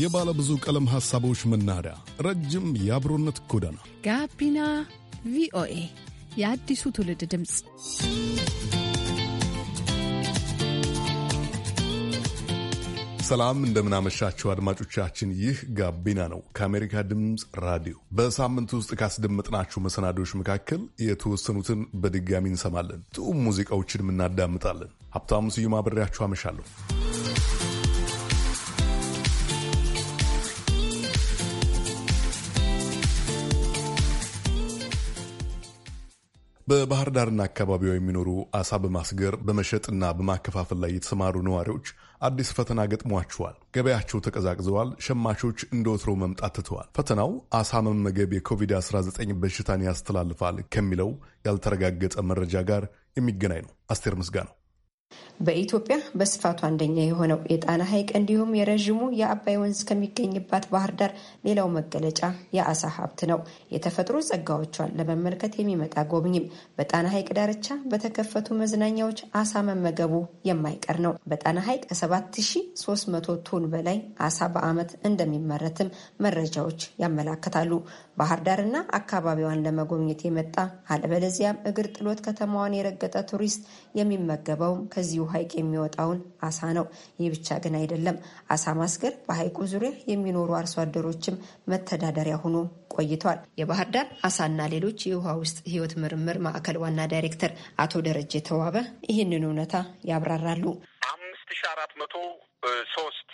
የባለ ብዙ ቀለም ሐሳቦች መናኸሪያ፣ ረጅም የአብሮነት ጎዳና ጋቢና ቪኦኤ የአዲሱ ትውልድ ድምፅ። ሰላም እንደምናመሻችሁ አድማጮቻችን፣ ይህ ጋቢና ነው ከአሜሪካ ድምፅ ራዲዮ። በሳምንት ውስጥ ካስደመጥናችሁ መሰናዶች መካከል የተወሰኑትን በድጋሚ እንሰማለን። ጥዑም ሙዚቃዎችንም እናዳምጣለን። ሀብታሙ ስዩም አብሬያችሁ አመሻለሁ። በባህር ዳርና አካባቢዋ የሚኖሩ አሳ በማስገር በመሸጥና በማከፋፈል ላይ የተሰማሩ ነዋሪዎች አዲስ ፈተና ገጥሟቸዋል። ገበያቸው ተቀዛቅዘዋል። ሸማቾች እንደ ወትሮ መምጣት ትተዋል። ፈተናው አሳ መመገብ የኮቪድ-19 በሽታን ያስተላልፋል ከሚለው ያልተረጋገጠ መረጃ ጋር የሚገናኝ ነው። አስቴር ነው። በኢትዮጵያ በስፋቱ አንደኛ የሆነው የጣና ሐይቅ እንዲሁም የረዥሙ የአባይ ወንዝ ከሚገኝባት ባህር ዳር ሌላው መገለጫ የአሳ ሀብት ነው። የተፈጥሮ ጸጋዎቿን ለመመልከት የሚመጣ ጎብኝም በጣና ሐይቅ ዳርቻ በተከፈቱ መዝናኛዎች አሳ መመገቡ የማይቀር ነው። በጣና ሐይቅ ከ7300 ቶን በላይ አሳ በዓመት እንደሚመረትም መረጃዎች ያመላክታሉ። ባህር ዳርና አካባቢዋን ለመጎብኘት የመጣ አለበለዚያም እግር ጥሎት ከተማዋን የረገጠ ቱሪስት የሚመገበውም ከዚሁ ሐይቅ የሚወጣውን አሳ ነው። ይህ ብቻ ግን አይደለም። አሳ ማስገር በሐይቁ ዙሪያ የሚኖሩ አርሶ አደሮችም መተዳደሪያ ሆኖ ቆይቷል። የባህር ዳር አሳና ሌሎች የውሃ ውስጥ ሕይወት ምርምር ማዕከል ዋና ዳይሬክተር አቶ ደረጀ ተዋበ ይህንን እውነታ ያብራራሉ። አምስት ሺ አራት መቶ ሶስት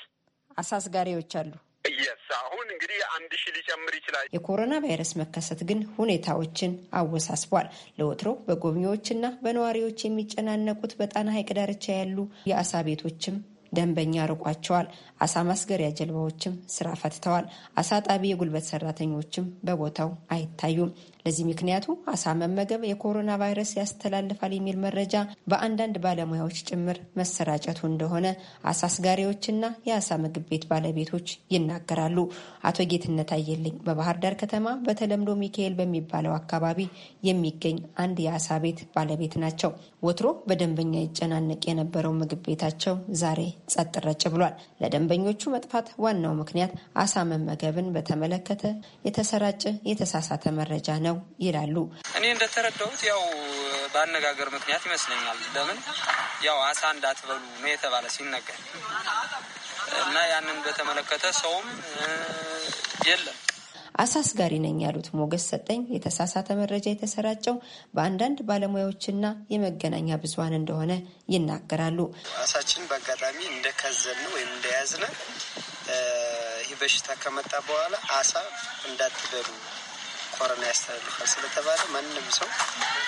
አሳ አስጋሪዎች አሉ እየሳ አሁን እንግዲህ አንድ ሺ ሊጨምር ይችላል። የኮሮና ቫይረስ መከሰት ግን ሁኔታዎችን አወሳስቧል። ለወትሮ በጎብኚዎችና በነዋሪዎች የሚጨናነቁት በጣና ሐይቅ ዳርቻ ያሉ የአሳ ቤቶችም ደንበኛ ርቋቸዋል። አሳ ማስገሪያ ጀልባዎችም ስራ ፈትተዋል። አሳ ጣቢ የጉልበት ሰራተኞችም በቦታው አይታዩም። ለዚህ ምክንያቱ አሳ መመገብ የኮሮና ቫይረስ ያስተላልፋል የሚል መረጃ በአንዳንድ ባለሙያዎች ጭምር መሰራጨቱ እንደሆነ አሳ አስጋሪዎችና የአሳ ምግብ ቤት ባለቤቶች ይናገራሉ። አቶ ጌትነት አየልኝ በባህር ዳር ከተማ በተለምዶ ሚካኤል በሚባለው አካባቢ የሚገኝ አንድ የአሳ ቤት ባለቤት ናቸው። ወትሮ በደንበኛ ይጨናነቅ የነበረው ምግብ ቤታቸው ዛሬ ጸጥ ረጭ ብሏል። ለደንበኞቹ መጥፋት ዋናው ምክንያት አሳ መመገብን በተመለከተ የተሰራጨ የተሳሳተ መረጃ ነው ነው ይላሉ። እኔ እንደተረዳሁት ያው በአነጋገር ምክንያት ይመስለኛል። ለምን ያው አሳ እንዳትበሉ ነው የተባለ ሲነገር እና ያንን በተመለከተ ሰውም የለም አሳስጋሪ ነኝ ያሉት ሞገስ ሰጠኝ የተሳሳተ መረጃ የተሰራጨው በአንዳንድ ባለሙያዎችና የመገናኛ ብዙኃን እንደሆነ ይናገራሉ። ራሳችን በአጋጣሚ እንደከዘን ወይም እንደያዝነ ይህ በሽታ ከመጣ በኋላ አሳ እንዳትበሉ ኮረና ያስተላልፋል ስለተባለ ማንም ሰው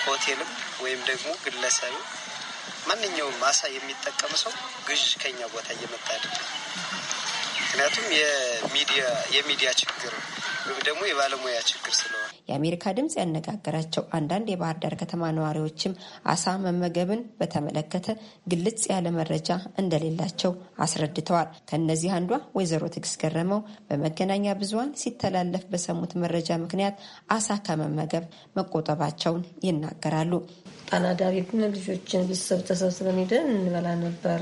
ሆቴልም ወይም ደግሞ ግለሰብ ማንኛውም ማሳ የሚጠቀም ሰው ግዥ ከኛ ቦታ እየመጣ አይደለም። ምክንያቱም የሚዲያ ችግር ወይም ደግሞ የባለሙያ ችግር ስለሆነ የአሜሪካ ድምፅ ያነጋገራቸው አንዳንድ የባህር ዳር ከተማ ነዋሪዎችም አሳ መመገብን በተመለከተ ግልጽ ያለ መረጃ እንደሌላቸው አስረድተዋል። ከእነዚህ አንዷ ወይዘሮ ትግስ ገረመው በመገናኛ ብዙኃን ሲተላለፍ በሰሙት መረጃ ምክንያት አሳ ከመመገብ መቆጠባቸውን ይናገራሉ። ጣና ዳር ግን ልጆችን ቤተሰብ ተሰብስበን ሄደን እንበላ ነበረ።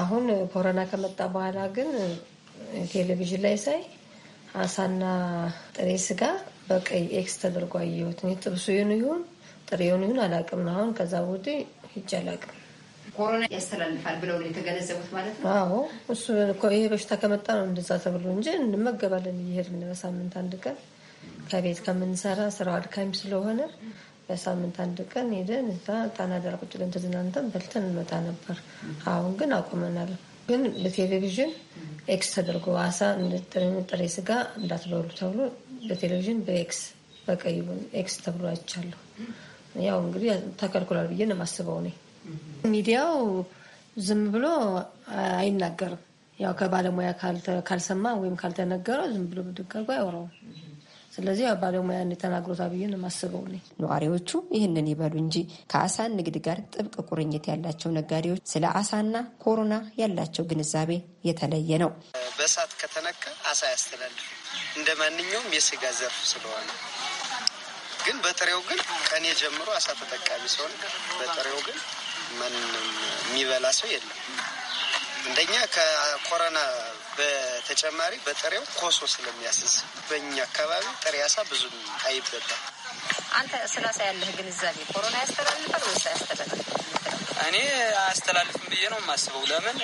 አሁን ኮሮና ከመጣ በኋላ ግን ቴሌቪዥን ላይ ሳይ አሳና ጥሬ ስጋ በቀይ ኤክስ ተደርጎ አየሁት። እኔ ጥብሱ ይሁን ይሁን ጥሬውን ይሁን አላውቅም። አሁን ከዛ ቦቴ ሂጅ አላውቅም። ኮሮና ያስተላልፋል ብለው ነው የተገነዘቡት ማለት ነው። አዎ እሱ ይሄ በሽታ ከመጣ ነው እንደዛ ተብሎ እንጂ እንመገባለን እየሄድን በሳምንት አንድ ቀን ከቤት ከምንሰራ ስራው አድካሚ ስለሆነ በሳምንት አንድ ቀን ሄደን እዛ ጣና ዳር ቁጭ ብለን ተዝናንተን በልተን እንመጣ ነበር። አሁን ግን አቁመናል። ግን በቴሌቪዥን ኤክስ ተደርጎ አሳ ጥሬ ስጋ እንዳትበሉ ተብሎ በቴሌቪዥን በኤክስ በቀይ ኤክስ ተብሎ አይቻለሁ። ያው እንግዲህ ተከልክሏል ብዬ ነው የማስበው እኔ። ሚዲያው ዝም ብሎ አይናገርም። ያው ከባለሙያ ካልሰማ ወይም ካልተነገረው ዝም ብሎ ብድግ አድርጎ አያወራውም። ስለዚህ ባለሙያ የተናግሮት አብይን ማስበው ነኝ። ነዋሪዎቹ ይህንን ይበሉ እንጂ ከአሳ ንግድ ጋር ጥብቅ ቁርኝት ያላቸው ነጋዴዎች ስለ አሳና ኮሮና ያላቸው ግንዛቤ የተለየ ነው። በእሳት ከተነካ አሳ ያስተላልፍ እንደ ማንኛውም የስጋ ዘርፍ ስለሆነ ግን በጥሬው ግን ከኔ ጀምሮ አሳ ተጠቃሚ ሲሆን በጥሬው ግን ማንም የሚበላ ሰው የለም። እንደኛ ከኮሮና በተጨማሪ በጥሬው ኮሶ ስለሚያስዝ በእኛ አካባቢ ጥሬ አሳ ብዙ አይበላም። አንተ ስላሳ ያለህ ግንዛቤ ኮሮና ያስተላልፋል ወይስ አያስተላልፍም? እኔ አያስተላልፍም ብዬ ነው የማስበው። ለምን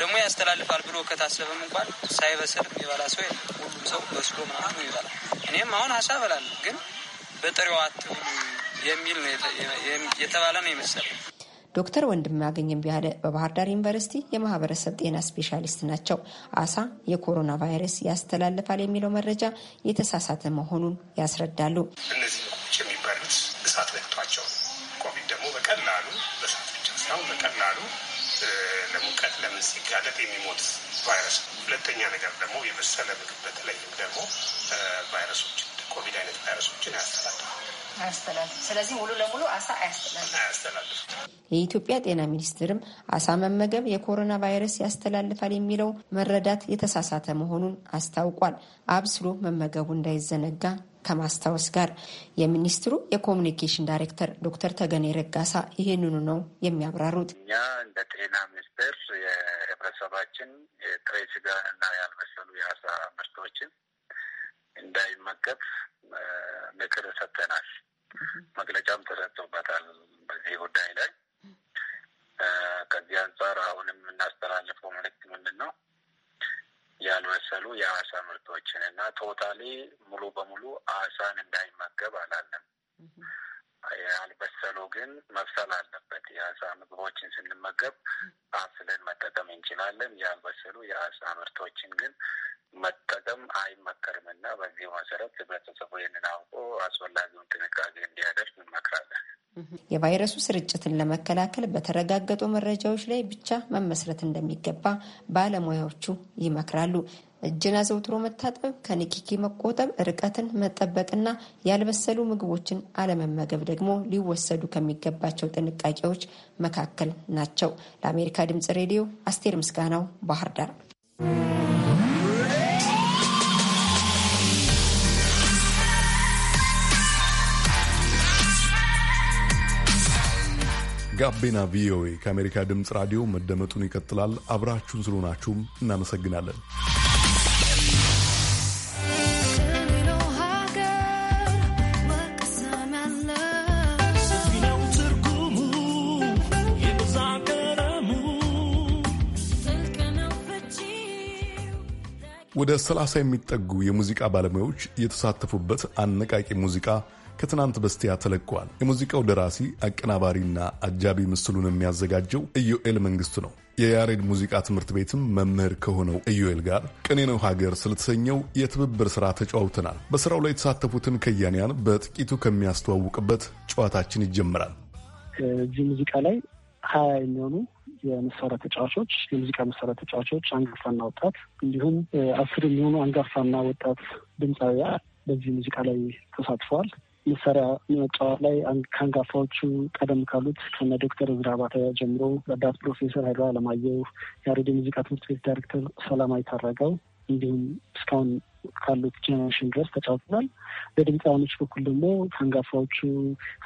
ደግሞ ያስተላልፋል ብሎ ከታሰበም እንኳን ሳይበስል የሚበላ ሰው ሁሉም ሰው በስሎ ምናምን ይበላል። እኔም አሁን አሳ እበላለሁ፣ ግን በጥሬው አትብሉ የሚል የተባለ ነው የመሰለኝ ዶክተር ወንድም ያገኘም ቢያለ በባህር ዳር ዩኒቨርሲቲ የማህበረሰብ ጤና ስፔሻሊስት ናቸው። አሳ የኮሮና ቫይረስ ያስተላልፋል የሚለው መረጃ የተሳሳተ መሆኑን ያስረዳሉ። እነዚህ ቁጭ የሚበሉት እሳት ለክቷቸው ኮቪድ ደግሞ በቀላሉ በእሳት ብቻ ሳይሆን በቀላሉ ለሙቀት ለምን ሲጋለጥ የሚሞት ቫይረስ ነው። ሁለተኛ ነገር ደግሞ የበሰለ ምግብ በተለይም ደግሞ ቫይረሶች ኮቪድ አይነት ቫይረሶችን አያስተላልፉም ስለዚህ ሙሉ ለሙሉ አሳ የኢትዮጵያ ጤና ሚኒስትርም አሳ መመገብ የኮሮና ቫይረስ ያስተላልፋል የሚለው መረዳት የተሳሳተ መሆኑን አስታውቋል። አብስሎ መመገቡ እንዳይዘነጋ ከማስታወስ ጋር የሚኒስትሩ የኮሚኒኬሽን ዳይሬክተር ዶክተር ተገኔ ረጋሳ ይህንኑ ነው የሚያብራሩት። እኛ እንደ ጤና ሚኒስቴር የህብረተሰባችን የጥሬ ስጋ እና ያልበሰሉ የአሳ ምርቶችን እንዳይመገብ ምክር ሰጥተናል። መግለጫም ተሰጥቶበታል በዚህ ጉዳይ ላይ። ከዚህ አንጻር አሁን የምናስተላልፈው መልዕክት ምንድን ነው? ያልበሰሉ የአሳ ምርቶችን እና ቶታሊ ሙሉ በሙሉ አሳን እንዳይመገብ አላለም። ያልበሰሉ ግን መብሰል አለበት። የአሳ ምግቦችን ስንመገብ አፍለን መጠቀም እንችላለን። ያልበሰሉ የአሳ ምርቶችን ግን መጠቀም አይመከርም እና በዚህ መሰረት ህብረተሰቡ ይህንን አውቆ አስፈላጊውን ጥንቃቄ እንዲያደርግ እንመክራለን። የቫይረሱ ስርጭትን ለመከላከል በተረጋገጡ መረጃዎች ላይ ብቻ መመስረት እንደሚገባ ባለሙያዎቹ ይመክራሉ። እጅን አዘውትሮ መታጠብ፣ ከንኪኪ መቆጠብ፣ ርቀትን መጠበቅና ያልበሰሉ ምግቦችን አለመመገብ ደግሞ ሊወሰዱ ከሚገባቸው ጥንቃቄዎች መካከል ናቸው። ለአሜሪካ ድምጽ ሬዲዮ አስቴር ምስጋናው ባህር ዳር ጋቢና ቪኦኤ ከአሜሪካ ድምፅ ራዲዮ መደመጡን ይቀጥላል። አብራችሁን ስለሆናችሁም እናመሰግናለን። ወደ 30 የሚጠጉ የሙዚቃ ባለሙያዎች የተሳተፉበት አነቃቂ ሙዚቃ ከትናንት በስቲያ ተለቋል። የሙዚቃው ደራሲ አቀናባሪና አጃቢ ምስሉን የሚያዘጋጀው ኢዮኤል መንግስቱ ነው። የያሬድ ሙዚቃ ትምህርት ቤትም መምህር ከሆነው ኢዮኤል ጋር ቅኔ ነው ሀገር ስለተሰኘው የትብብር ስራ ተጫውተናል። በስራው ላይ የተሳተፉትን ከያንያን በጥቂቱ ከሚያስተዋውቅበት ጨዋታችን ይጀምራል። እዚህ ሙዚቃ ላይ ሀያ የሚሆኑ የመሳሪያ ተጫዋቾች የሙዚቃ መሳሪያ ተጫዋቾች አንጋፋና ወጣት እንዲሁም አስር የሚሆኑ አንጋፋና ወጣት ድምፃዊያ በዚህ ሙዚቃ ላይ ተሳትፈዋል። መሳሪያ መጫወት ላይ ከአንጋፋዎቹ ቀደም ካሉት ከነ ዶክተር እዝራ ባተ ጀምሮ ረዳት ፕሮፌሰር ኃይሉ አለማየሁ፣ የአሬድ ሙዚቃ ትምህርት ቤት ዳይሬክተር ሰላማዊ ታረገው እንዲሁም እስካሁን ካሉት ጀኔሬሽን ድረስ ተጫውተናል። በድምፃውያኖች በኩል ደግሞ ከአንጋፋዎቹ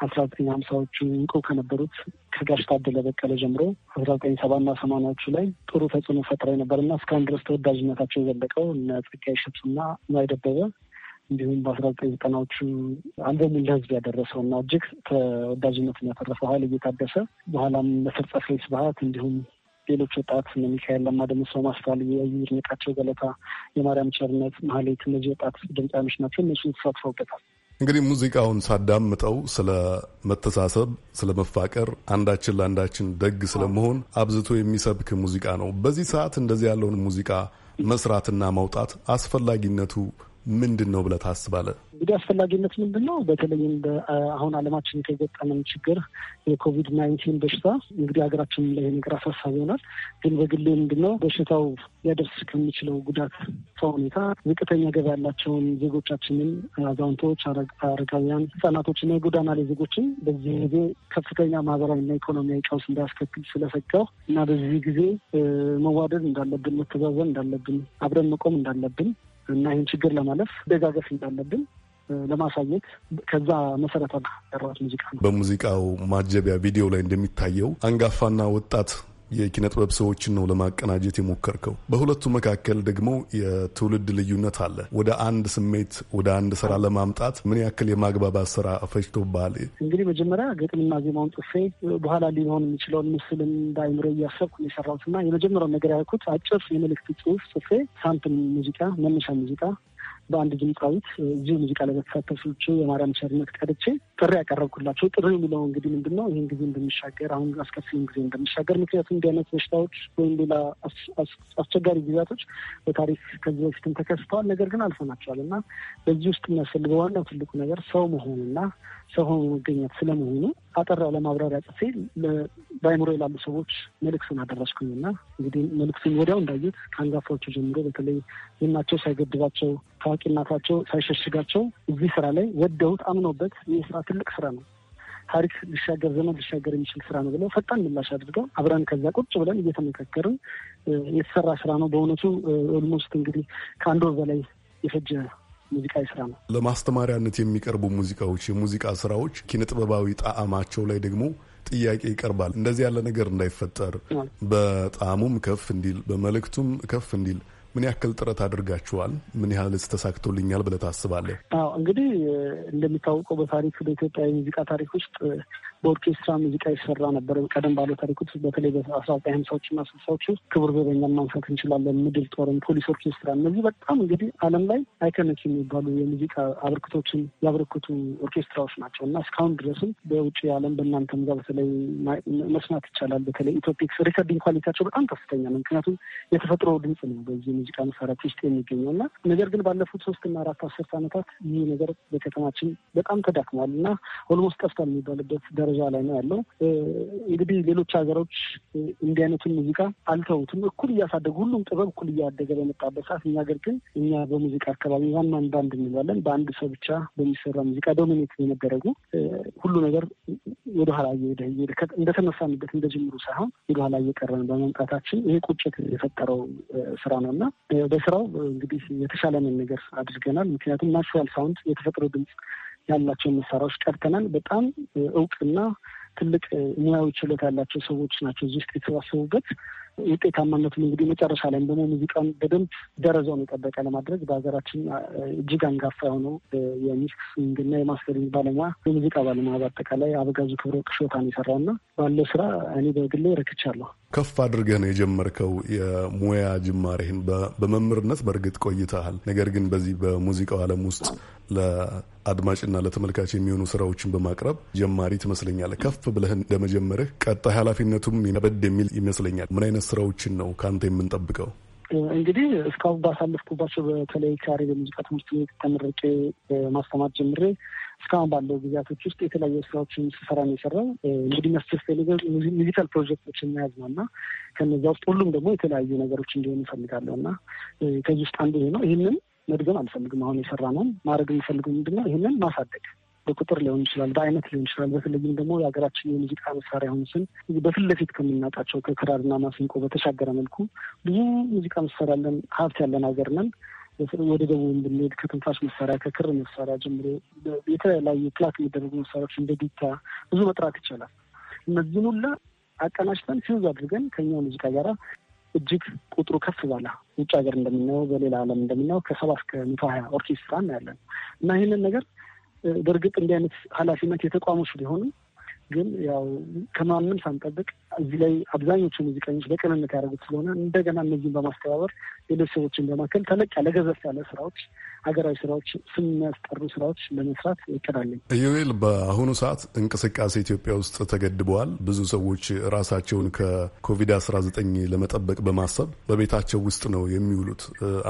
አስራ ዘጠኝ ሀምሳዎቹ እንቁ ከነበሩት ከጋሽ ታደለ በቀለ ጀምሮ አስራ ዘጠኝ ሰባና ሰማናዎቹ ላይ ጥሩ ተጽዕኖ ፈጥረው እና እስካሁን ድረስ ተወዳጅነታቸው የዘለቀው እነ ጸጋዬ ሽብስና ንዋይ ደበበ እንዲሁም በአስራ ዘጠኝ ዘጠናዎቹ አንበቡን ለህዝብ ያደረሰው እና እጅግ ተወዳጅነትን ያተረፈው ኃይሌ እየታደሰ በኋላም መሰርጸ ፍሬ ስብሐት እንዲሁም ሌሎች ወጣት ሚካኤል ለማ፣ ደምሰው ማስተዋል፣ ይድነቃቸው ገለታ፣ የማርያም ቸርነት፣ መሀሌት እነዚህ ወጣት ድምፃሚዎች ናቸው። እነሱ ተሳትፈውበታል። እንግዲህ ሙዚቃውን ሳዳምጠው ስለ መተሳሰብ፣ ስለ መፋቀር፣ አንዳችን ለአንዳችን ደግ ስለመሆን አብዝቶ የሚሰብክ ሙዚቃ ነው። በዚህ ሰዓት እንደዚህ ያለውን ሙዚቃ መስራትና ማውጣት አስፈላጊነቱ ምንድን ነው ብለህ ታስባለህ? እንግዲህ አስፈላጊነት ምንድን ነው? በተለይም አሁን አለማችን የተገጠመን ችግር የኮቪድ ናይንቲን በሽታ እንግዲህ ሀገራችን ላይ ነገር አሳሳቢ ይሆናል። ግን በግሌ ምንድን ነው በሽታው ሊያደርስ ከሚችለው ጉዳት ሁኔታ ዝቅተኛ ገቢ ያላቸውን ዜጎቻችንን፣ አዛውንቶች፣ አረጋውያን፣ ህጻናቶችና የጎዳና ላይ ዜጎችን በዚህ ጊዜ ከፍተኛ ማህበራዊና ኢኮኖሚያዊ ቀውስ እንዳያስከትል ስለሰጋው እና በዚህ ጊዜ መዋደድ እንዳለብን፣ መተዛዘን እንዳለብን፣ አብረን መቆም እንዳለብን እና ይህን ችግር ለማለፍ ደጋገፍ እንዳለብን ለማሳየት ከዛ መሰረት ያራት ሙዚቃ ነው። በሙዚቃው ማጀቢያ ቪዲዮ ላይ እንደሚታየው አንጋፋና ወጣት የኪነ ጥበብ ሰዎችን ነው ለማቀናጀት የሞከርከው። በሁለቱ መካከል ደግሞ የትውልድ ልዩነት አለ። ወደ አንድ ስሜት ወደ አንድ ስራ ለማምጣት ምን ያክል የማግባባት ስራ ፈጅቶብሃል? እንግዲህ መጀመሪያ ግጥምና ዜማውን ጽፌ በኋላ ሊሆን የሚችለውን ምስል በአይምሮ እያሰብኩ የሰራሁትና የመጀመሪያው ነገር ያልኩት አጭር የመልእክት ጽሁፍ ጽፌ ሳምፕል ሙዚቃ መነሻ ሙዚቃ በአንድ ድምፃዊት እዚሁ ሙዚቃ ላይ በተሳተፉ የማርያም ቸርነት ቀድቼ ጥሪ ያቀረብኩላቸው ጥሪ የሚለው እንግዲህ ምንድን ነው? ይህን ጊዜ እንደሚሻገር አሁን አስከፊውን ጊዜ እንደሚሻገር ምክንያቱም እንዲህ አይነት በሽታዎች ወይም ሌላ አስቸጋሪ ጊዜያቶች በታሪክ ከዚህ በፊትም ተከስተዋል፣ ነገር ግን አልፈናቸዋል እና በዚህ ውስጥ የሚያስፈልገው ዋናው ትልቁ ነገር ሰው መሆኑና ሰው ሆኖ መገኘት ስለመሆኑ አጠር ያለ ማብራሪያ ጽፌ በአይምሮ ላሉ ሰዎች መልእክትን አደረስኩኝና እንግዲህ መልእክትን ወዲያው እንዳዩት ከአንጋፋዎቹ ጀምሮ በተለይ ዝናቸው ሳይገድባቸው ታዋቂናታቸው ሳይሸሽጋቸው እዚህ ስራ ላይ ወደውት አምኖበት ይህ ስራ ትልቅ ስራ ነው። ታሪክ ሊሻገር ዘመን ሊሻገር የሚችል ስራ ነው ብለው ፈጣን ምላሽ አድርገው አብረን ከዛ ቁጭ ብለን እየተመካከርን የተሰራ ስራ ነው። በእውነቱ ኦልሞስት እንግዲህ ከአንድ ወር በላይ የፈጀ ሙዚቃዊ ስራ ነው። ለማስተማሪያነት የሚቀርቡ ሙዚቃዎች፣ የሙዚቃ ስራዎች ኪነጥበባዊ ጣዕማቸው ላይ ደግሞ ጥያቄ ይቀርባል። እንደዚህ ያለ ነገር እንዳይፈጠር በጣዕሙም ከፍ እንዲል፣ በመልእክቱም ከፍ እንዲል ምን ያክል ጥረት አድርጋችኋል? ምን ያህል ተሳክቶልኛል ብለህ ታስባለህ? አዎ እንግዲህ እንደሚታወቀው በታሪክ በኢትዮጵያ የሙዚቃ ታሪክ ውስጥ በኦርኬስትራ ሙዚቃ ይሰራ ነበር። ቀደም ባለው ታሪኮች በተለይ በአስራ ዘጠኝ ሀምሳዎችና ስልሳዎች ውስጥ ክቡር ዘበኛ ማንሳት እንችላለን። ምድር ጦርን፣ ፖሊስ ኦርኬስትራ፣ እነዚህ በጣም እንግዲህ ዓለም ላይ አይከነች የሚባሉ የሙዚቃ አበርክቶችን ያበረክቱ ኦርኬስትራዎች ናቸው እና እስካሁን ድረስም በውጭ ዓለም በእናንተም ጋር በተለይ መስማት ይቻላል። በተለይ ኢትዮፒክስ ሪከርዲንግ ኳሊቲያቸው በጣም ከፍተኛ ነው። ምክንያቱም የተፈጥሮ ድምፅ ነው በዚህ ሙዚቃ መሳሪያት ውስጥ የሚገኘው እና ነገር ግን ባለፉት ሶስትና አራት አስርት ዓመታት ይህ ነገር በከተማችን በጣም ተዳክሟል እና ኦልሞስት ጠፍቷል የሚባልበት ደረጃ ደረጃ ላይ ነው ያለው። እንግዲህ ሌሎች ሀገሮች እንዲህ አይነቱን ሙዚቃ አልተውትም። እኩል እያሳደጉ ሁሉም ጥበብ እኩል እያደገ በመጣበት ሰዓት እኛ ሀገር ግን እኛ በሙዚቃ አካባቢ ዋናን ባንድ እንለዋለን በአንድ ሰው ብቻ በሚሰራ ሙዚቃ ዶሚኔት በመደረጉ ሁሉ ነገር ወደኋላ እየሄደ እንደተነሳንበት እንደ ጅምሩ ሳይሆን ወደኋላ እየቀረን በመምጣታችን ይሄ ቁጭት የፈጠረው ስራ ነው እና በስራው እንግዲህ የተሻለንን ነገር አድርገናል። ምክንያቱም ናቹራል ሳውንድ የተፈጥሮ ድምፅ ያላቸውን መሳሪያዎች ቀርተናል። በጣም እውቅና ትልቅ ሙያዊ ችሎታ ያላቸው ሰዎች ናቸው እዚህ ውስጥ የተሰባሰቡበት። ውጤታማነቱም እንግዲህ መጨረሻ ላይም ደግሞ ሙዚቃን በደንብ ደረጃውን የጠበቀ ለማድረግ በሀገራችን እጅግ አንጋፋ የሆነው የሚክሲንግ እና የማስተሪንግ ባለሙያ የሙዚቃ ባለሙያ በአጠቃላይ አበጋዙ ክብረ ቅሾታን የሰራው እና ባለው ስራ እኔ በግሌ ረክቻለሁ። ከፍ አድርገህ ነው የጀመርከው የሙያ ጅማሬህን። በመምህርነት በእርግጥ ቆይተሃል። ነገር ግን በዚህ በሙዚቃው ዓለም ውስጥ ለአድማጭና ለተመልካች የሚሆኑ ስራዎችን በማቅረብ ጀማሪ ትመስለኛለህ። ከፍ ብለህ እንደመጀመርህ ቀጣይ ኃላፊነቱም በድ የሚል ይመስለኛል። ምን አይነት ስራዎችን ነው ከአንተ የምንጠብቀው? እንግዲህ እስካሁን ባሳለፍኩባቸው በተለይ ካሬ በሙዚቃ ትምህርት ቤት ተመርቄ ማስተማር ጀምሬ እስካሁን ባለው ጊዜያቶች ውስጥ የተለያዩ ስራዎችን ስሰራ ነው የሰራው። እንግዲህ መስር ፈልገ ሙዚካል ፕሮጀክቶችን መያዝ ነው እና ከነዚ ውስጥ ሁሉም ደግሞ የተለያዩ ነገሮች እንዲሆኑ እፈልጋለሁ እና ከዚህ ውስጥ አንዱ ይሄ ነው። ይህንን መድገም አልፈልግም። አሁን የሰራ ነው ማድረግ የምፈልገው ምንድነው ይህንን ማሳደግ በቁጥር ሊሆን ይችላል፣ በአይነት ሊሆን ይችላል። በተለይም ደግሞ የሀገራችን የሙዚቃ መሳሪያ አሁን ስን በፊት ለፊት ከምናውቃቸው ከክራርና ማሲንቆ በተሻገረ መልኩ ብዙ ሙዚቃ መሳሪያ ያለን ሀብት ያለን ሀገር ነን። ወደ ደቡብ ብንሄድ ከትንፋሽ መሳሪያ ከክር መሳሪያ ጀምሮ የተለያዩ ፕላክ የሚደረጉ መሳሪያዎች እንደ ዲታ ብዙ መጥራት ይቻላል። እነዚህን ሁላ አቀናጅተን ፊውዝ አድርገን ከኛ ሙዚቃ ጋር እጅግ ቁጥሩ ከፍ ባለ ውጭ ሀገር እንደምናየው በሌላ ዓለም እንደምናየው ከሰባ እስከ መቶ ሀያ ኦርኬስትራ እናያለን እና ይህንን ነገር በእርግጥ እንዲህ አይነት ኃላፊነት የተቋሞች ቢሆንም። ግን ያው ከማንም ሳንጠብቅ እዚህ ላይ አብዛኞቹ ሙዚቀኞች በቅንነት ያደረጉት ስለሆነ እንደገና እነዚህን በማስተባበር ሌሎች ሰዎችን በማከል ተለቅ ያለ ገዘፍ ያለ ስራዎች፣ ሀገራዊ ስራዎች፣ ስም የሚያስጠሩ ስራዎች ለመስራት ይቀዳለን። ኢዮኤል፣ በአሁኑ ሰዓት እንቅስቃሴ ኢትዮጵያ ውስጥ ተገድበዋል። ብዙ ሰዎች ራሳቸውን ከኮቪድ አስራ ዘጠኝ ለመጠበቅ በማሰብ በቤታቸው ውስጥ ነው የሚውሉት።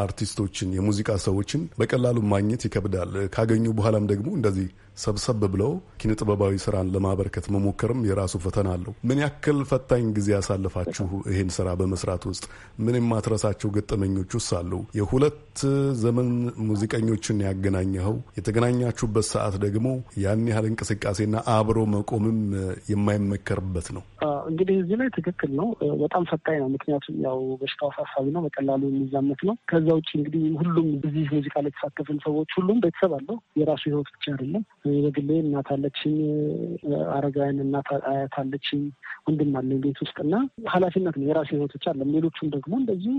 አርቲስቶችን፣ የሙዚቃ ሰዎችን በቀላሉ ማግኘት ይከብዳል። ካገኙ በኋላም ደግሞ እንደዚህ ሰብሰብ ብለው ኪነ ጥበባዊ ስራን ለማበረከት መሞከርም የራሱ ፈተና አለው። ምን ያክል ፈታኝ ጊዜ ያሳልፋችሁ ይህን ስራ በመስራት ውስጥ ምን የማትረሳቸው ገጠመኞች ውስጥ አሉ? የሁለት ዘመን ሙዚቀኞችን ያገናኘኸው የተገናኛችሁበት ሰዓት ደግሞ ያን ያህል እንቅስቃሴና አብሮ መቆምም የማይመከርበት ነው። እንግዲህ እዚህ ላይ ትክክል ነው። በጣም ፈታኝ ነው። ምክንያቱም ያው በሽታው አሳሳቢ ነው፣ በቀላሉ የሚዛመት ነው። ከዛ ውጭ እንግዲህ ሁሉም እዚህ ሙዚቃ ላይ የተሳተፍን ሰዎች ሁሉም ቤተሰብ አለው። የራሱ ህይወት ብቻ አይደለም። በግሌ እናት አለችኝ፣ አረጋውያን እናት አያት አለችኝ፣ ወንድም አለኝ ቤት ውስጥ እና ኃላፊነት ነው። የራሱ ህይወት ብቻ አለም። ሌሎቹም ደግሞ እንደዚሁ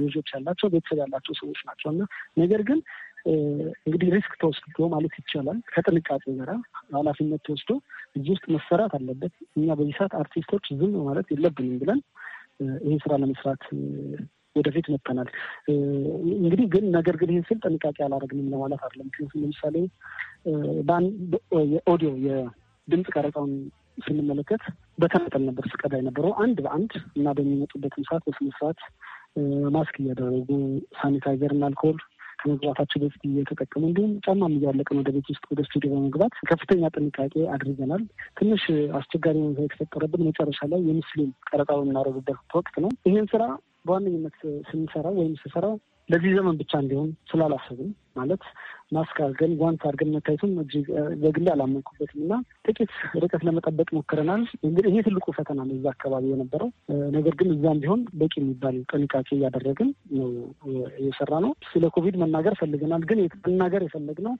ልጆች ያላቸው ቤተሰብ ያላቸው ሰዎች ናቸው እና ነገር ግን እንግዲህ ሪስክ ተወስዶ ማለት ይቻላል ከጥንቃቄ ጋር ኃላፊነት ተወስዶ እዚህ ውስጥ መሰራት አለበት። እኛ በዚህ ሰዓት አርቲስቶች ዝም ማለት የለብንም ብለን ይህን ስራ ለመስራት ወደፊት መጥተናል። እንግዲህ ግን ነገር ግን ይህን ስል ጥንቃቄ አላደረግንም ለማለት አለ። ምክንያቱም ለምሳሌ የኦዲዮ የድምፅ ቀረጻውን ስንመለከት በተናጠል ነበር ስቀዳ የነበረው አንድ በአንድ እና በሚመጡበትም ሰዓት በስነ ስርዓት ማስክ እያደረጉ ሳኒታይዘር እና አልኮል ከመግባታቸው በፊት እየተጠቀሙ እንዲሁም ጫማም እያለቅን ወደ ቤት ውስጥ ወደ ስቱዲዮ በመግባት ከፍተኛ ጥንቃቄ አድርገናል። ትንሽ አስቸጋሪ ሁኔታ የተፈጠረብን መጨረሻ ላይ የሙስሊም ቀረጻ የምናደርግበት ወቅት ነው። ይህን ስራ በዋነኝነት ስንሰራው ወይም ስሰራው ለዚህ ዘመን ብቻ እንዲሆን ስላላሰብም። ማለት ማስክ አድርገን ጓንት አድርገን መታየቱም እጅግ በግሌ አላመንኩበትም እና ጥቂት ርቀት ለመጠበቅ ሞክረናል። እንግዲህ ይሄ ትልቁ ፈተና ነው እዛ አካባቢ የነበረው። ነገር ግን እዛም ቢሆን በቂ የሚባል ጥንቃቄ እያደረግን ነው እየሰራ ነው። ስለ ኮቪድ መናገር ፈልገናል፣ ግን መናገር የፈለግነው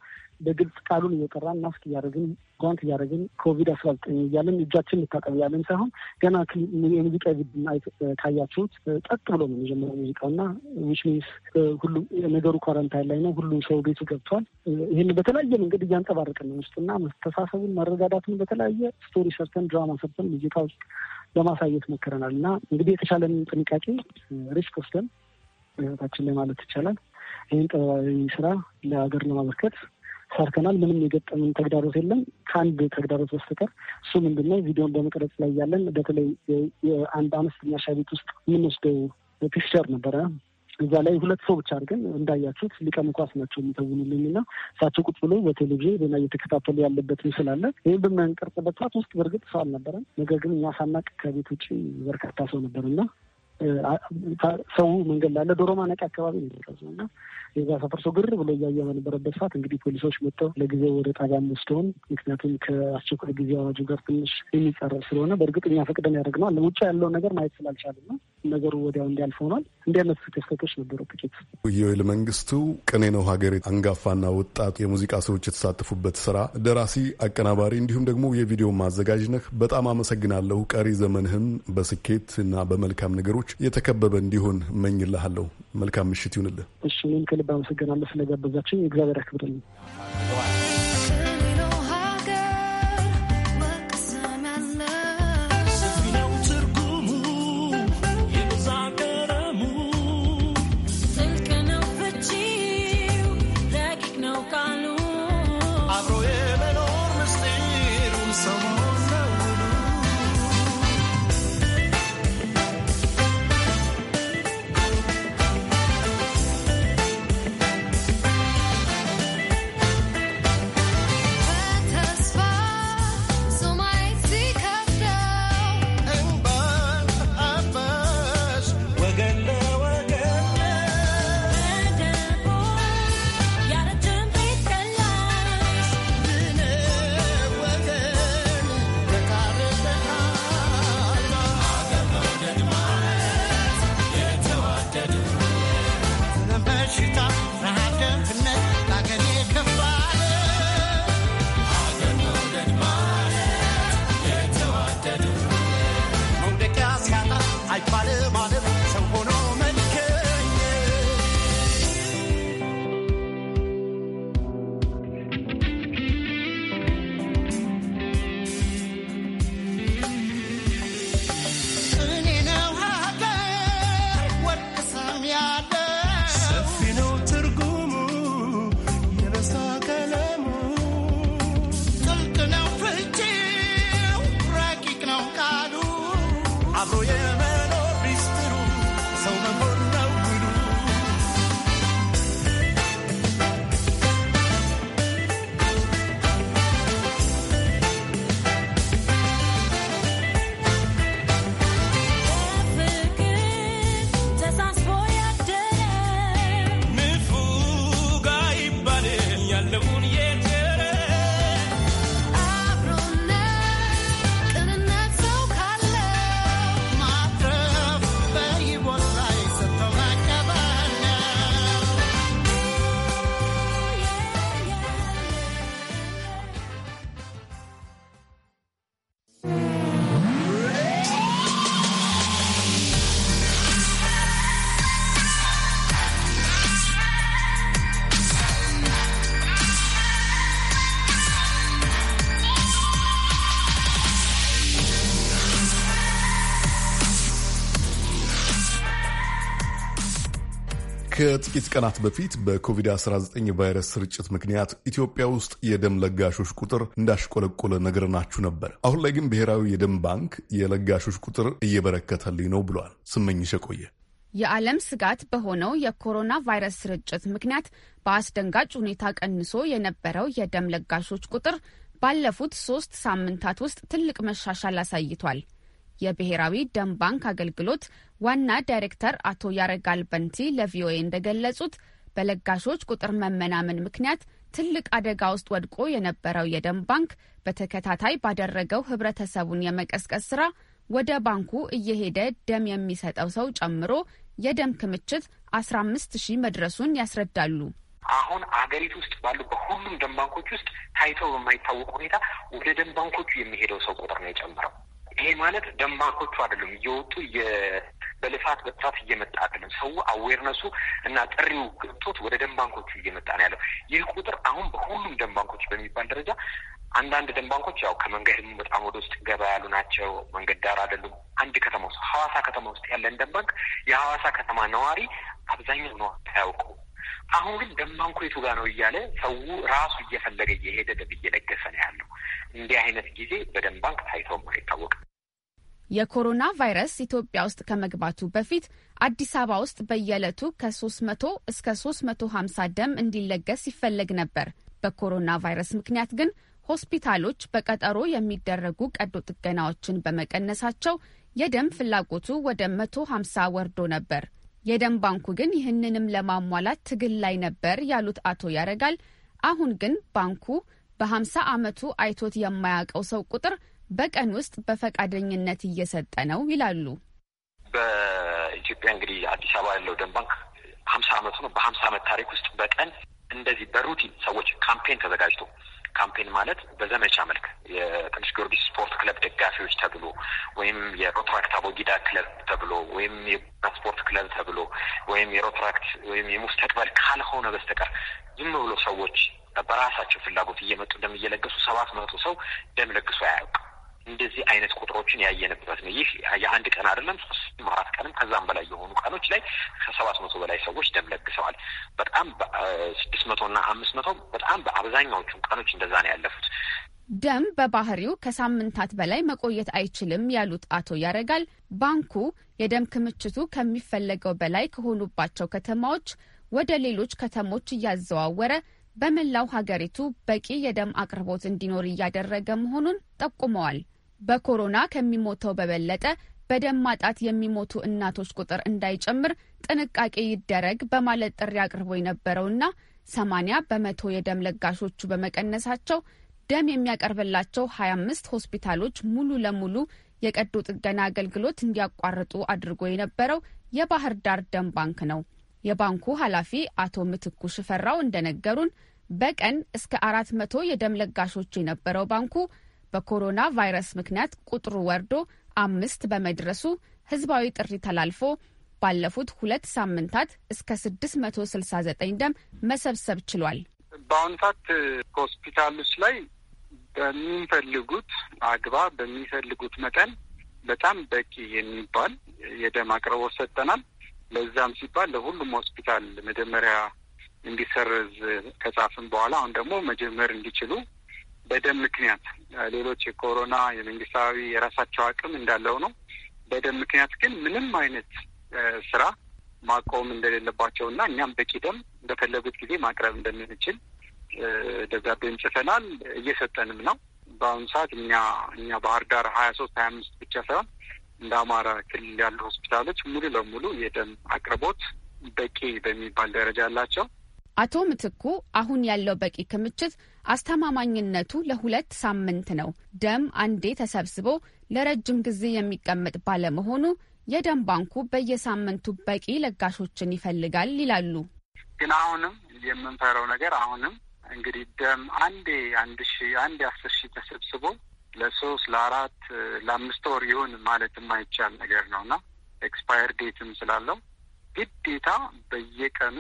በግልጽ ቃሉን እየጠራን ማስክ እያደረግን ጓንት እያደረግን ኮቪድ አስራ ዘጠኝ እያለን እጃችን ልታቀብ እያለን ሳይሆን ገና የሙዚቃ ቪድና ካያችሁት ጠጥ ብሎ ነው የጀመረው ሙዚቃው እና ዊች ሚንስ ሁሉም ነገሩ ኳረንታይን ላይ ነው ሁሉ ሰው ቤቱ ገብቷል። ይህን በተለያየ መንገድ እያንጸባረቅን ነው ውስጥና መተሳሰቡን መረዳዳትን በተለያየ ስቶሪ ሰርተን ድራማ ሰርተን ውስጥ ለማሳየት ሞክረናል እና እንግዲህ የተቻለን ጥንቃቄ ሪስክ ወስደን በህይወታችን ላይ ማለት ይቻላል ይህን ጥበባዊ ስራ ለሀገር ለማበርከት ሰርተናል። ምንም የገጠምን ተግዳሮት የለም ከአንድ ተግዳሮት በስተቀር። እሱ ምንድነው? ቪዲዮን በመቅረጽ ላይ ያለን በተለይ የአንድ አነስተኛ ሻይ ቤት ውስጥ የምንወስደው ፒክቸር ነበረ እዛ ላይ ሁለት ሰው ብቻ አድርገን እንዳያችሁት ሊቀ ኳስ ናቸው የሚተውኑልኝ እና እሳቸው ቁጭ ብሎ በቴሌቪዥን ዜና እየተከታተሉ ያለበት ምስል አለ። ይህም በምናንቀርጽበት ሰዓት ውስጥ በእርግጥ ሰው አልነበረም። ነገር ግን እኛ ሳናቅ ከቤት ውጭ በርካታ ሰው ነበር እና ሰው መንገድ ላለ ዶሮ ማነቂ አካባቢ ነው የደረስነው እና የዛ ሰፈር ሰው ግር ብሎ እያየ በነበረበት ሰዓት እንግዲህ ፖሊሶች መጥተው ለጊዜው ወደ ጣቢያ ወስደውን፣ ምክንያቱም ከአስቸኳይ ጊዜ አዋጁ ጋር ትንሽ የሚጻረር ስለሆነ በእርግጥ እኛ ፈቅደን ያደርግነዋል ውጭ ያለውን ነገር ማየት ስላልቻለ ነው ነገሩ ወዲያው እንዲያልፍ ሆኗል። እንዲህ አይነት ክስተቶች ነበሩ ጥቂት። ዮኤል መንግስቱ ቅኔ ነው ሀገር አንጋፋና ወጣት የሙዚቃ ሰዎች የተሳተፉበት ስራ ደራሲ፣ አቀናባሪ እንዲሁም ደግሞ የቪዲዮ ማዘጋጅ ነህ። በጣም አመሰግናለሁ። ቀሪ ዘመንህም በስኬት እና በመልካም ነገሮች የተከበበ እንዲሆን እመኝልሃለሁ። መልካም ምሽት ይሁንልህ። እሺ፣ ይህም ከልብ አመሰግናለሁ ስለጋበዛችን። የእግዚአብሔር ያክብርልኝ። body, body. ከጥቂት ቀናት በፊት በኮቪድ-19 ቫይረስ ስርጭት ምክንያት ኢትዮጵያ ውስጥ የደም ለጋሾች ቁጥር እንዳሽቆለቆለ ነግረናችሁ ነበር። አሁን ላይ ግን ብሔራዊ የደም ባንክ የለጋሾች ቁጥር እየበረከተልኝ ነው ብሏል። ስመኝሽ ቆየ። የዓለም ስጋት በሆነው የኮሮና ቫይረስ ስርጭት ምክንያት በአስደንጋጭ ሁኔታ ቀንሶ የነበረው የደም ለጋሾች ቁጥር ባለፉት ሶስት ሳምንታት ውስጥ ትልቅ መሻሻል አሳይቷል። የብሔራዊ ደም ባንክ አገልግሎት ዋና ዳይሬክተር አቶ ያረጋል በንቲ ለቪኦኤ እንደገለጹት በለጋሾች ቁጥር መመናመን ምክንያት ትልቅ አደጋ ውስጥ ወድቆ የነበረው የደም ባንክ በተከታታይ ባደረገው ህብረተሰቡን የመቀስቀስ ስራ ወደ ባንኩ እየሄደ ደም የሚሰጠው ሰው ጨምሮ የደም ክምችት አስራ አምስት ሺህ መድረሱን ያስረዳሉ። አሁን አገሪቱ ውስጥ ባሉ በሁሉም ደም ባንኮች ውስጥ ታይቶ በማይታወቅ ሁኔታ ወደ ደም ባንኮቹ የሚሄደው ሰው ቁጥር ነው የጨምረው። ይሄ ማለት ደንባንኮቹ አይደሉም እየወጡ በልፋት በጥፋት እየመጣ አይደለም። ሰው አዌርነሱ እና ጥሪው ገብቶት ወደ ደንባንኮቹ እየመጣ ነው ያለው። ይህ ቁጥር አሁን በሁሉም ደንባንኮች በሚባል ደረጃ አንዳንድ ደንባንኮች ያው ከመንገድም በጣም ወደ ውስጥ ገባ ያሉ ናቸው። መንገድ ዳር አይደሉም። አንድ ከተማ ውስጥ ሐዋሳ ከተማ ውስጥ ያለን ደንባንክ ባንክ የሐዋሳ ከተማ ነዋሪ አብዛኛው ነው አያውቁ አሁን ግን ደን የቱ ጋር ነው እያለ ሰው ራሱ እየፈለገ እየሄደ ደብ እየለገሰ ነው ያለው። እንዲህ አይነት ጊዜ በደንባንክ ባንክ አይታወቅም። የኮሮና ቫይረስ ኢትዮጵያ ውስጥ ከመግባቱ በፊት አዲስ አበባ ውስጥ በየዕለቱ ከ300 እስከ 350 ደም እንዲለገስ ይፈለግ ነበር። በኮሮና ቫይረስ ምክንያት ግን ሆስፒታሎች በቀጠሮ የሚደረጉ ቀዶ ጥገናዎችን በመቀነሳቸው የደም ፍላጎቱ ወደ 150 ወርዶ ነበር። የደም ባንኩ ግን ይህንንም ለማሟላት ትግል ላይ ነበር ያሉት አቶ ያረጋል፣ አሁን ግን ባንኩ በ50 ዓመቱ አይቶት የማያውቀው ሰው ቁጥር በቀን ውስጥ በፈቃደኝነት እየሰጠ ነው ይላሉ። በኢትዮጵያ እንግዲህ አዲስ አበባ ያለው ደን ባንክ ሀምሳ አመቱ ነው። በሀምሳ አመት ታሪክ ውስጥ በቀን እንደዚህ በሩቲን ሰዎች ካምፔን ተዘጋጅቶ ካምፔን ማለት በዘመቻ መልክ የትንሽ ጊዮርጊስ ስፖርት ክለብ ደጋፊዎች ተብሎ ወይም የሮትራክት አቦጊዳ ክለብ ተብሎ ወይም የትራንስፖርት ክለብ ተብሎ ወይም የሮትራክት ወይም የሙስተቅበል ካልሆነ በስተቀር ዝም ብሎ ሰዎች በራሳቸው ፍላጎት እየመጡ ደም እየለገሱ ሰባት መቶ ሰው ደም ለግሶ አያውቅም። እንደዚህ አይነት ቁጥሮችን ያየንበት ነው። ይህ የአንድ ቀን አይደለም፣ ሶስትም አራት ቀንም ከዛም በላይ የሆኑ ቀኖች ላይ ከሰባት መቶ በላይ ሰዎች ደም ለግሰዋል። በጣም ስድስት መቶ እና አምስት መቶ በጣም በአብዛኛዎቹም ቀኖች እንደዛ ነው ያለፉት። ደም በባህሪው ከሳምንታት በላይ መቆየት አይችልም ያሉት አቶ ያረጋል ባንኩ የደም ክምችቱ ከሚፈለገው በላይ ከሆኑባቸው ከተማዎች ወደ ሌሎች ከተሞች እያዘዋወረ በመላው ሀገሪቱ በቂ የደም አቅርቦት እንዲኖር እያደረገ መሆኑን ጠቁመዋል። በኮሮና ከሚሞተው በበለጠ በደም ማጣት የሚሞቱ እናቶች ቁጥር እንዳይጨምር ጥንቃቄ ይደረግ በማለት ጥሪ አቅርቦ የነበረውና ሰማኒያ በመቶ የደም ለጋሾቹ በመቀነሳቸው ደም የሚያቀርብላቸው አምስት ሆስፒታሎች ሙሉ ለሙሉ የቀዶ ጥገና አገልግሎት እንዲያቋርጡ አድርጎ የነበረው የባህር ዳር ደም ባንክ ነው። የባንኩ ኃላፊ አቶ ምትኩ ሽፈራው እንደነገሩን በቀን እስከ አራት መቶ የደም ለጋሾች የነበረው ባንኩ በኮሮና ቫይረስ ምክንያት ቁጥሩ ወርዶ አምስት በመድረሱ ህዝባዊ ጥሪ ተላልፎ ባለፉት ሁለት ሳምንታት እስከ 669 ደም መሰብሰብ ችሏል። በአሁኑ ሰዓት ሆስፒታሎች ላይ በሚፈልጉት አግባብ በሚፈልጉት መጠን በጣም በቂ የሚባል የደም አቅርቦት ሰጠናል። ለዛም ሲባል ለሁሉም ሆስፒታል መጀመሪያ እንዲሰረዝ ከጻፍን በኋላ አሁን ደግሞ መጀመር እንዲችሉ በደም ምክንያት ሌሎች የኮሮና የመንግስታዊ የራሳቸው አቅም እንዳለው ነው። በደም ምክንያት ግን ምንም አይነት ስራ ማቆም እንደሌለባቸው እና እኛም በቂ ደም በፈለጉት ጊዜ ማቅረብ እንደምንችል ደብዳቤም ጽፈናል፣ እየሰጠንም ነው። በአሁኑ ሰዓት እኛ እኛ ባህር ዳር ሀያ ሶስት ሀያ አምስት ብቻ ሳይሆን እንደ አማራ ክልል ያሉ ሆስፒታሎች ሙሉ ለሙሉ የደም አቅርቦት በቂ በሚባል ደረጃ አላቸው። አቶ ምትኩ አሁን ያለው በቂ ክምችት አስተማማኝነቱ ለሁለት ሳምንት ነው። ደም አንዴ ተሰብስቦ ለረጅም ጊዜ የሚቀመጥ ባለመሆኑ የደም ባንኩ በየሳምንቱ በቂ ለጋሾችን ይፈልጋል ይላሉ። ግን አሁንም የምንፈራው ነገር አሁንም እንግዲህ ደም አንዴ አንድ ሺ አንድ አስር ሺ ተሰብስቦ ለሶስት ለአራት ለአምስት ወር ይሁን ማለት የማይቻል ነገር ነው እና ኤክስፓየር ዴትም ስላለው ግዴታ በየቀኑ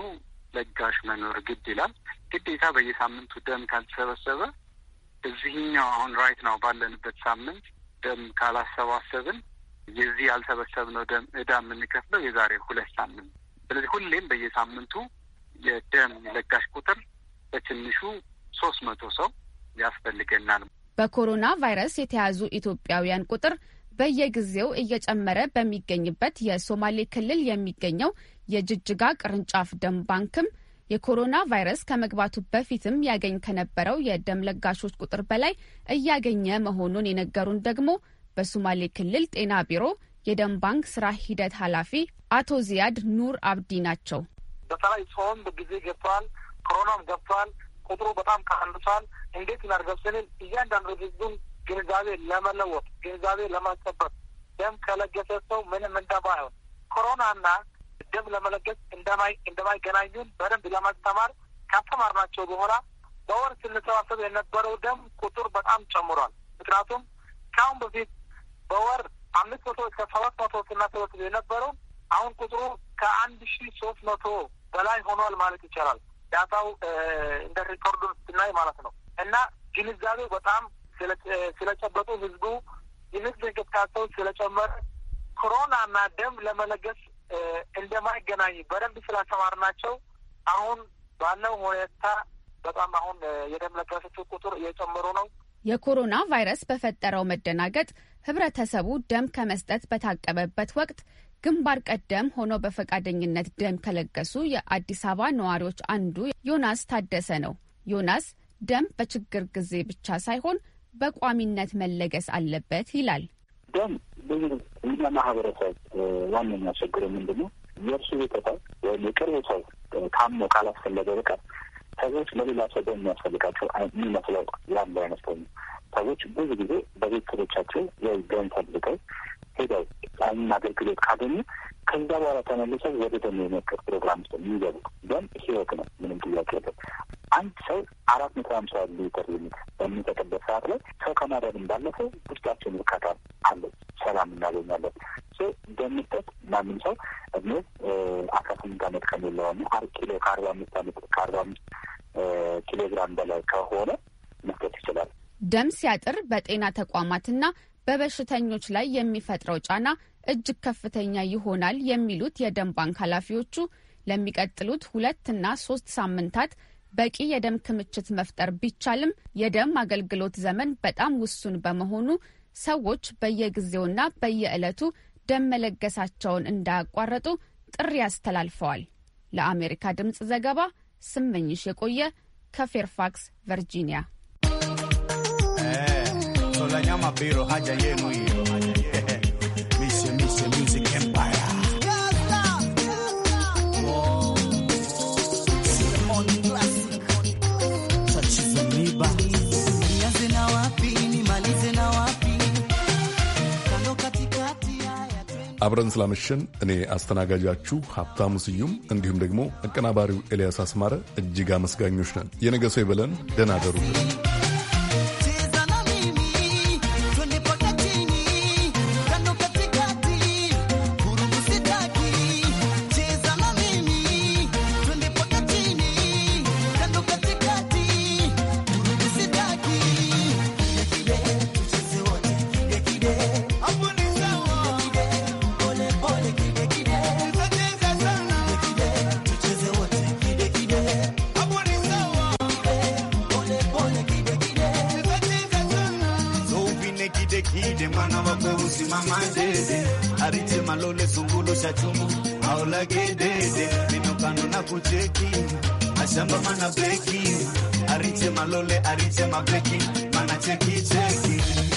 ለጋሽ መኖር ግድ ይላል። ግዴታ በየሳምንቱ ደም ካልተሰበሰበ እዚህኛው አሁን ራይት ነው ባለንበት ሳምንት ደም ካላሰባሰብን የዚህ ያልሰበሰብነው ደም እዳ የምንከፍለው የዛሬ ሁለት ሳምንት። ስለዚህ ሁሌም በየሳምንቱ የደም ለጋሽ ቁጥር በትንሹ ሶስት መቶ ሰው ያስፈልገናል። በኮሮና ቫይረስ የተያዙ ኢትዮጵያውያን ቁጥር በየጊዜው እየጨመረ በሚገኝበት የሶማሌ ክልል የሚገኘው የጅጅጋ ቅርንጫፍ ደም ባንክም የኮሮና ቫይረስ ከመግባቱ በፊትም ያገኝ ከነበረው የደም ለጋሾች ቁጥር በላይ እያገኘ መሆኑን የነገሩን ደግሞ በሶማሌ ክልል ጤና ቢሮ የደም ባንክ ስራ ሂደት ኃላፊ አቶ ዚያድ ኑር አብዲ ናቸው። በተለይ ጾም ጊዜ ገብቷል፣ ኮሮናም ገብቷል። ቁጥሩ በጣም ቀንሷል። እንዴት እናድርገው ስንል እያንዳንዱ ህዝቡን ግንዛቤ ለመለወጥ ግንዛቤ ለማስጠበቅ ደም ከለገሰ ሰው ምንም እንደማይሆን ኮሮናና ደም ለመለገስ እንደማይ እንደማይገናኙን በደንብ ለማስተማር ካስተማርናቸው በኋላ በወር ስንሰባሰብ የነበረው ደም ቁጥር በጣም ጨምሯል። ምክንያቱም ከአሁን በፊት በወር አምስት መቶ እስከ ሰባት መቶ ስናሰበስብ የነበረው አሁን ቁጥሩ ከአንድ ሺ ሶስት መቶ በላይ ሆኗል ማለት ይቻላል። ዳታው እንደ ሪኮርዱ ስናይ ማለት ነው እና ግንዛቤ በጣም ስለጨበጡ ህዝቡ የህዝብ እንቅስቃሴው ስለጨመረ ኮሮና እና ደም ለመለገስ እንደማይገናኝ በደንብ ናቸው አሁን ባለው ሁኔታ በጣም አሁን የደም ለጋሾቹ ቁጥር እየጨመሩ ነው። የኮሮና ቫይረስ በፈጠረው መደናገጥ ህብረተሰቡ ደም ከመስጠት በታቀበበት ወቅት ግንባር ቀደም ሆኖ በፈቃደኝነት ደም ከለገሱ የአዲስ አበባ ነዋሪዎች አንዱ ዮናስ ታደሰ ነው። ዮናስ ደም በችግር ጊዜ ብቻ ሳይሆን በቋሚነት መለገስ አለበት ይላል። ደም ብዙ እኛ ማህበረሰብ ዋነኛ ችግር ምንድን ነው? የእርሱ ቤተሰብ ወይም የቅርቡ ሰው ካሞ ካላስፈለገ በቀር ሰዎች ለሌላ ሰው ደም የሚያስፈልጋቸው የሚመስለው ያለ አይነት ሰው ሰዎች ብዙ ጊዜ በቤተሰቦቻቸው ወይ ደም ፈልገው ሄደው ይህንን አገልግሎት ካገኙ ከዛ በኋላ ተመልሰው ወደ ደግሞ የመቀር ፕሮግራም ውስጥ የሚገቡ ደም ህይወት ነው። ምንም ጥያቄ የለም። አንድ ሰው አራት መቶ ሀምሳ ሊትር ሊሚት በሚጠቅበት ሰዓት ላይ ሰው ከማዳንም ባለፈው ውስጣችን እርካታ አለ፣ ሰላም እናገኛለን። በሚጠት ማንም ሰው እድሜ አስራ ስምንት አመት ከሚለውና አር ኪሎ ከአርባ አምስት አመት ከአርባ አምስት ኪሎግራም በላይ ከሆነ መስጠት ይችላል። ደም ሲያጥር በጤና ተቋማትና በበሽተኞች ላይ የሚፈጥረው ጫና እጅግ ከፍተኛ ይሆናል የሚሉት የደም ባንክ ኃላፊዎቹ ለሚቀጥሉት ሁለትና ሶስት ሳምንታት በቂ የደም ክምችት መፍጠር ቢቻልም የደም አገልግሎት ዘመን በጣም ውሱን በመሆኑ ሰዎች በየጊዜውና በየዕለቱ ደም መለገሳቸውን እንዳያቋረጡ ጥሪ አስተላልፈዋል። ለአሜሪካ ድምፅ ዘገባ ስመኝሽ የቆየ ከፌርፋክስ ቨርጂኒያ። la nyama biro haja yenu hiyo. አብረን ስላመሸን እኔ አስተናጋጃችሁ ሀብታሙ ስዩም እንዲሁም ደግሞ አቀናባሪው ኤልያስ አስማረ እጅግ አመስጋኞች ነን። የነገ ሰው ይበለን። ደህና አደሩ። Vijana wa kusimama dede, Ariche Malole, Sungulu, Shachumu, Aulage dede, minokano na kucheki, Ashamba mana beki, Ariche Malole, Ariche Mabeki, mana cheki cheki